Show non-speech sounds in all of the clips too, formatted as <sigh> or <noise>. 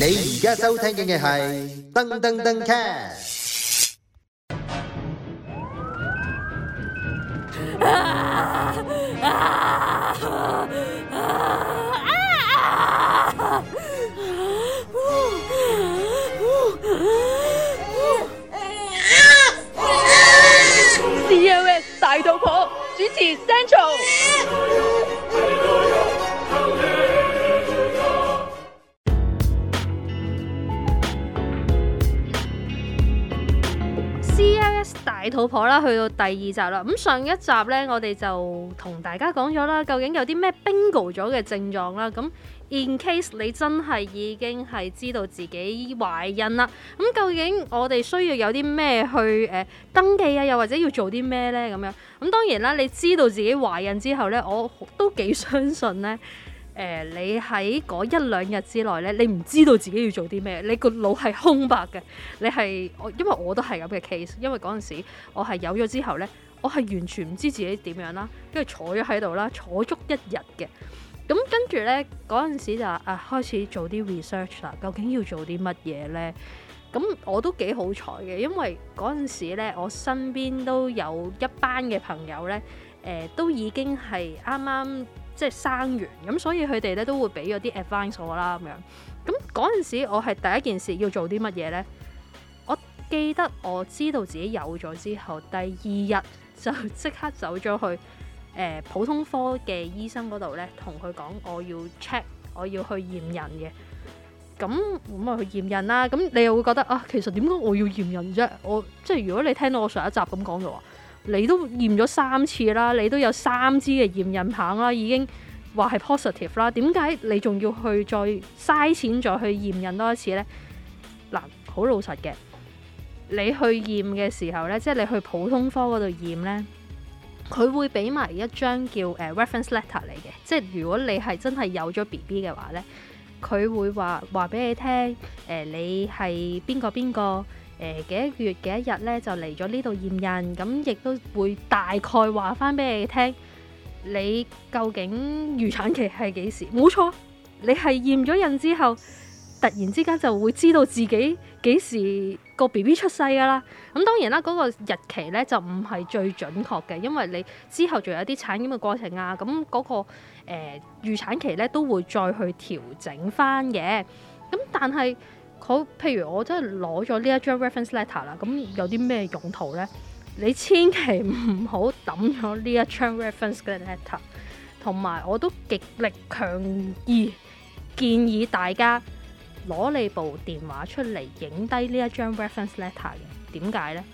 你而家收聽嘅係登登登 cat。COS 大肚婆主持 Central。老婆啦，去到第二集啦。咁上一集呢，我哋就同大家講咗啦，究竟有啲咩 bingo 咗嘅症狀啦。咁 in case 你真係已經係知道自己懷孕啦，咁究竟我哋需要有啲咩去誒、呃、登記啊，又或者要做啲咩呢？咁樣？咁當然啦，你知道自己懷孕之後呢，我都幾相信呢。誒、呃，你喺嗰一兩日之內咧，你唔知道自己要做啲咩，你個腦係空白嘅。你係我，因為我都係咁嘅 case。因為嗰陣時我係有咗之後咧，我係完全唔知自己點樣啦，跟住坐咗喺度啦，坐足一日嘅。咁跟住咧，嗰陣時就啊開始做啲 research 啦，究竟要做啲乜嘢咧？咁我都幾好彩嘅，因為嗰陣時咧，我身邊都有一班嘅朋友咧，誒、呃、都已經係啱啱。即係生完，咁所以佢哋咧都會俾咗啲 advice 我啦咁樣。咁嗰陣時，我係第一件事要做啲乜嘢呢？我記得我知道自己有咗之後，第二日就即刻走咗去誒、呃、普通科嘅醫生嗰度呢，同佢講我要 check，我要去驗孕嘅。咁咁啊去驗孕啦！咁你又會覺得啊，其實點解我要驗孕啫？我即係如果你聽到我上一集咁講嘅話。你都驗咗三次啦，你都有三支嘅驗孕棒啦，已經話係 positive 啦。點解你仲要去再嘥錢再去驗孕多一次呢？嗱，好老實嘅，你去驗嘅時候呢，即係你去普通科嗰度驗呢，佢會俾埋一張叫誒、呃、reference letter 你嘅，即係如果你係真係有咗 BB 嘅話呢，佢會話話俾你聽，誒、呃、你係邊個邊個。誒、呃、幾多月幾多日咧就嚟咗呢度驗孕，咁亦都會大概話翻俾你聽，你究竟預產期係幾時？冇錯，你係驗咗孕之後，突然之間就會知道自己幾時個 B B 出世噶啦。咁當然啦，嗰、那個日期咧就唔係最準確嘅，因為你之後仲有啲產檢嘅過程啊，咁嗰、那個誒、呃、預產期咧都會再去調整翻嘅。咁但係，好，譬如我真係攞咗呢一張 reference letter 啦，咁有啲咩用途呢？你千祈唔好抌咗呢一張 reference letter，同埋我都極力強意建議大家攞你部電話出嚟影低呢一張 reference letter 嘅。點解呢？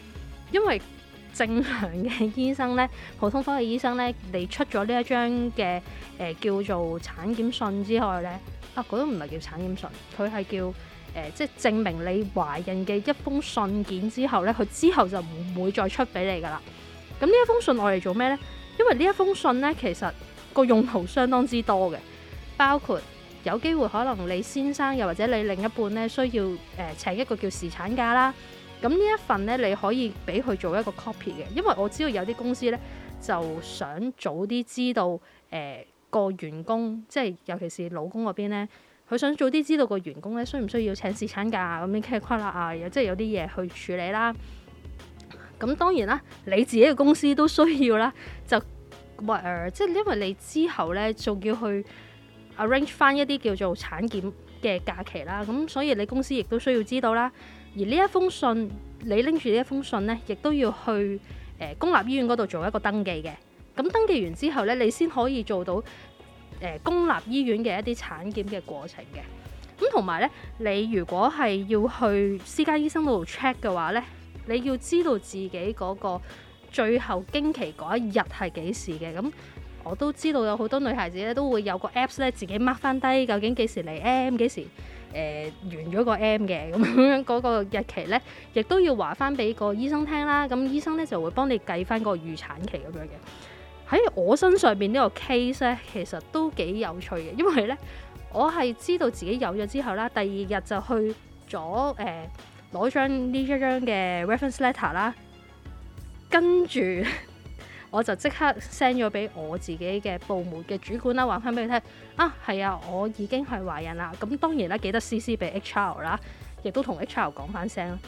因為正常嘅醫生呢，普通科嘅醫生呢，你出咗呢一張嘅誒、呃、叫做產檢信之外呢，啊嗰都唔係叫產檢信，佢係叫，誒、呃，即係證明你懷孕嘅一封信件之後咧，佢之後就唔會再出俾你噶啦。咁呢一封信我嚟做咩呢？因為呢一封信咧，其實個用途相當之多嘅，包括有機會可能你先生又或者你另一半咧，需要誒、呃、請一個叫侍產假啦。咁呢一份咧，你可以俾佢做一個 copy 嘅，因為我知道有啲公司咧就想早啲知道誒、呃、個員工，即係尤其是老公嗰邊咧。佢想早啲知道個員工咧需唔需要請侍產假咁樣啦啊，啊即係有啲嘢去處理啦。咁當然啦，你自己嘅公司都需要啦，就唔、呃、即係因為你之後咧仲要去 arrange 翻一啲叫做產檢嘅假期啦。咁所以你公司亦都需要知道啦。而呢一封信，你拎住呢一封信咧，亦都要去誒、呃、公立醫院嗰度做一個登記嘅。咁登記完之後咧，你先可以做到。誒、呃、公立醫院嘅一啲產檢嘅過程嘅，咁同埋咧，你如果係要去私家醫生度 check 嘅話咧，你要知道自己嗰個最後經期嗰一日係幾時嘅，咁、嗯、我都知道有好多女孩子咧都會有個 apps 咧自己 mark 翻低究竟幾時嚟 M 幾時誒、呃、完咗個 M 嘅，咁樣嗰個日期咧亦都要話翻俾個醫生聽啦，咁醫生咧就會幫你計翻個預產期咁樣嘅。喺我身上邊呢個 case 咧，其實都幾有趣嘅，因為咧，我係知道自己有咗之後啦，第二日就去咗誒攞張呢一張嘅 reference letter 啦，跟住 <laughs> 我就即刻 send 咗俾我自己嘅部門嘅主管啦，話翻俾佢聽啊，係啊，我已經係懷孕啦，咁當然啦，記得 CC 俾 HR 啦，亦都同 HR 講翻聲。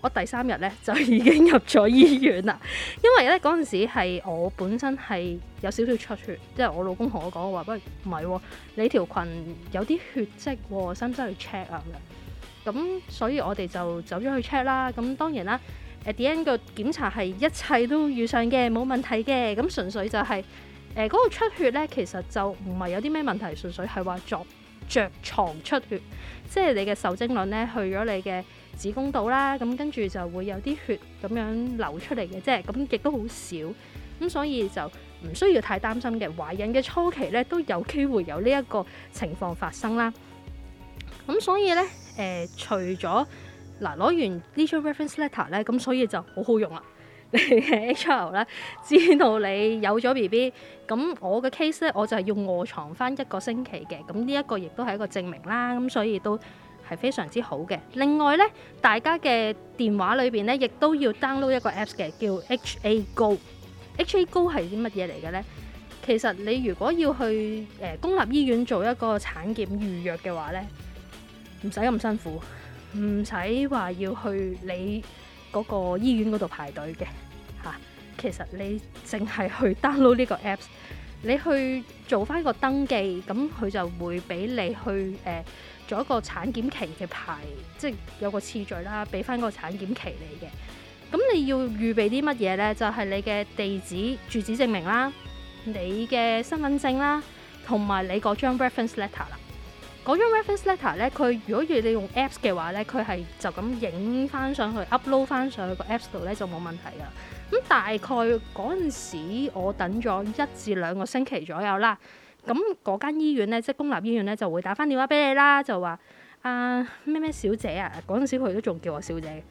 我第三日咧就已經入咗醫院啦，因為咧嗰陣時係我本身係有少少出血，即係我老公同我講話，不過唔係喎，你條裙有啲血跡喎，使唔使去 check 啊咁？咁所以我哋就走咗去 check 啦。咁當然啦，at the end 個檢查係一切都遇上嘅，冇問題嘅。咁純粹就係誒嗰個出血咧，其實就唔係有啲咩問題，純粹係話著著牀出血，即係你嘅受精卵咧去咗你嘅。子宮道啦，咁跟住就會有啲血咁樣流出嚟嘅，即係咁亦都好少，咁所以就唔需要太擔心嘅。懷孕嘅初期咧都有機會有呢一個情況發生啦。咁所以咧，誒、呃，除咗嗱攞完呢張 reference letter 咧，咁所以就好好用啦、啊。你嘅 HR 咧，知道你有咗 BB，咁我嘅 case 咧，我就係要卧牀翻一個星期嘅，咁呢一個亦都係一個證明啦。咁所以都。係非常之好嘅。另外呢，大家嘅電話裏邊呢，亦都要 download 一個 apps 嘅，叫 HA Go。HA Go 係啲乜嘢嚟嘅呢？其實你如果要去誒、呃、公立醫院做一個產檢預約嘅話呢，唔使咁辛苦，唔使話要去你嗰個醫院嗰度排隊嘅嚇。其實你淨係去 download 呢個 apps。你去做翻個登記，咁佢就會俾你去誒、呃、做一個產檢期嘅排，即係有個次序啦，俾翻個產檢期你嘅。咁你要預備啲乜嘢呢？就係、是、你嘅地址住址證明啦，你嘅身份證啦，同埋你嗰張 reference letter 啦。嗰張 reference letter 咧，佢如果要你用 Apps 嘅話咧，佢係就咁影翻上去，upload 翻上去個 Apps 度咧就冇問題噶。咁大概嗰陣時，我等咗一至兩個星期左右啦。咁嗰間醫院咧，即係公立醫院咧，就會打翻電話俾你啦，就話啊咩咩小姐啊，嗰陣時佢都仲叫我小姐。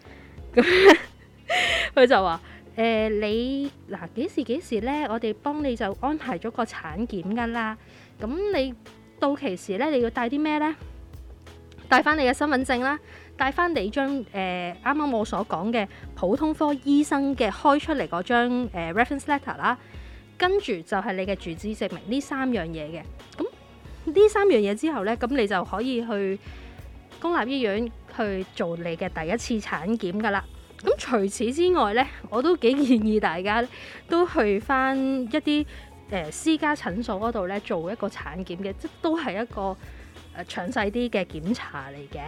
咁 <laughs> 佢就話：誒、呃，你嗱幾、啊、時幾時咧？我哋幫你就安排咗個產檢噶啦。咁你。到期時咧，你要帶啲咩咧？帶翻你嘅身份證啦，帶翻你張誒啱啱我所講嘅普通科醫生嘅開出嚟嗰張、呃、reference letter 啦，跟住就係你嘅住址證明，呢三樣嘢嘅。咁呢三樣嘢之後咧，咁你就可以去公立醫院去做你嘅第一次產檢噶啦。咁除此之外咧，我都幾建議大家都去翻一啲。誒、呃、私家診所嗰度咧做一個產檢嘅，即都係一個誒、呃、詳細啲嘅檢查嚟嘅。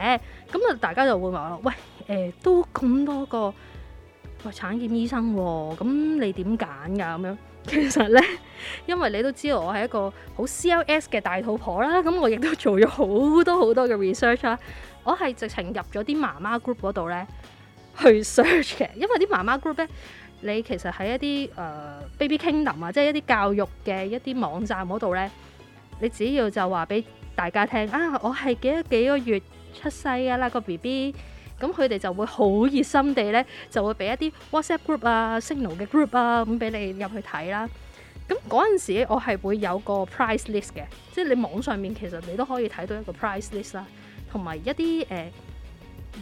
咁啊，大家就會問我咯，喂，誒、呃、都咁多個喂產檢醫生喎、啊，咁你點揀㗎？咁樣其實咧，因為你都知道我係一個好 CLS 嘅大肚婆啦，咁我亦都做咗好多好多嘅 research 啦。我係直情入咗啲媽媽 group 嗰度咧去 search 嘅，因為啲媽媽 group 咧。你其實喺一啲誒 Baby Kingdom 啊，即係一啲教育嘅一啲網站嗰度咧，你只要就話俾大家聽啊，我係幾多幾個月出世啊啦個 BB，咁佢哋就會好熱心地咧，就會俾一啲 WhatsApp group 啊、Signal 嘅 group 啊咁俾你入去睇啦。咁嗰陣時我係會有個 price list 嘅，即係你網上面其實你都可以睇到一個 price list 啦，同埋一啲誒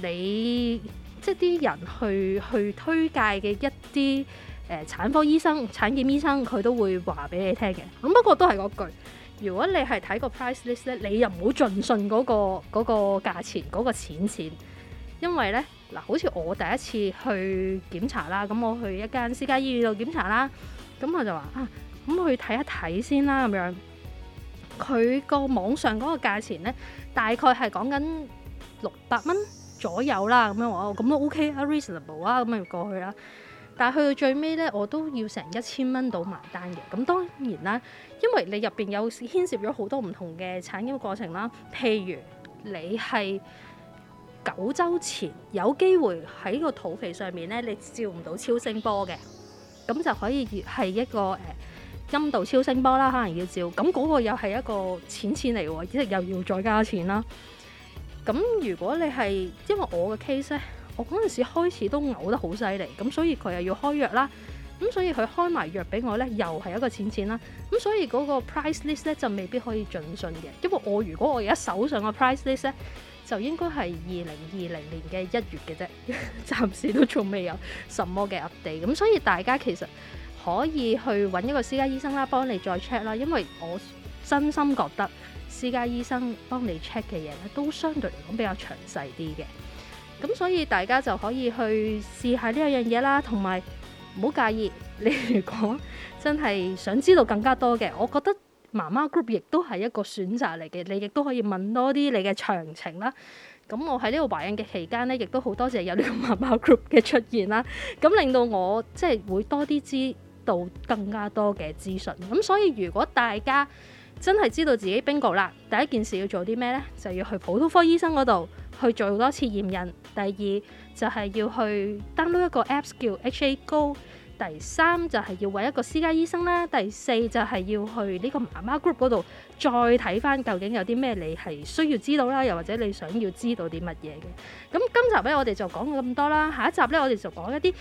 你。即一啲人去去推介嘅一啲誒、呃、產科醫生、產檢醫生，佢都會話俾你聽嘅。咁不過都係嗰句，如果你係睇個 price list 咧，你又唔好盡信嗰個嗰個價錢嗰個錢錢，因為咧嗱，好似我第一次去檢查啦，咁我去一間私家醫院度檢查啦，咁我就話啊，咁去睇一睇先啦咁樣。佢個網上嗰個價錢咧，大概係講緊六百蚊左右啦，咁樣咁都 OK，reasonable 啊，咁、啊、樣過去啦。但係去到最尾呢，我都要成一千蚊度埋單嘅。咁當然啦，因為你入邊有牽涉咗好多唔同嘅產檢過程啦。譬如你係九週前有機會喺個肚皮上面呢，你照唔到超聲波嘅，咁就可以係一個誒、啊、陰道超聲波啦，可能要照。咁嗰個又係一個淺淺嚟喎，即係又要再加錢啦。咁如果你係因為我嘅 case 咧，我嗰陣時開始都嘔得好犀利，咁所以佢又要開藥啦，咁所以佢開埋藥俾我咧，又係一個錢錢啦，咁所以嗰個 price list 咧就未必可以盡信嘅，因為我如果我而家手上嘅 price list 咧，就應該係二零二零年嘅一月嘅啫，暫時都仲未有什麼嘅 update，咁所以大家其實可以去揾一個私家醫生啦，幫你再 check 啦，因為我真心覺得。私家醫生幫你 check 嘅嘢咧，都相對嚟講比較詳細啲嘅。咁所以大家就可以去試下呢一樣嘢啦，同埋唔好介意。你如果真係想知道更加多嘅，我覺得媽媽 group 亦都係一個選擇嚟嘅。你亦都可以問多啲你嘅詳情啦。咁我喺呢度懷孕嘅期間呢，亦都好多謝有呢個媽媽 group 嘅出現啦。咁令到我即係、就是、會多啲知道更加多嘅資訊。咁所以如果大家，真係知道自己冰局啦，第一件事要做啲咩呢？就要去普通科醫生嗰度去做多次驗孕。第二就係要去 download 一個 Apps 叫 HA Go。第三就係要揾一個私家醫生啦。第四就係要去呢個媽媽 group 嗰度再睇翻，究竟有啲咩你係需要知道啦，又或者你想要知道啲乜嘢嘅。咁今集呢，我哋就講咁多啦，下一集呢，我哋就講一啲。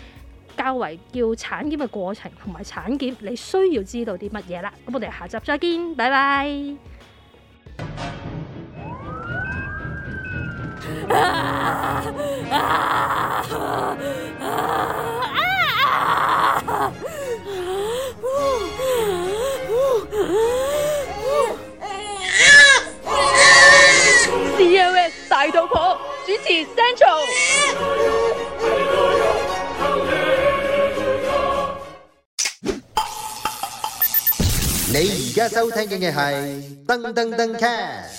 較為叫產檢嘅過程同埋產檢，你需要知道啲乜嘢啦？咁我哋下集再見，拜拜。啊啊啊啊啊啊大家收聽的嘅係噔噔噔鏘。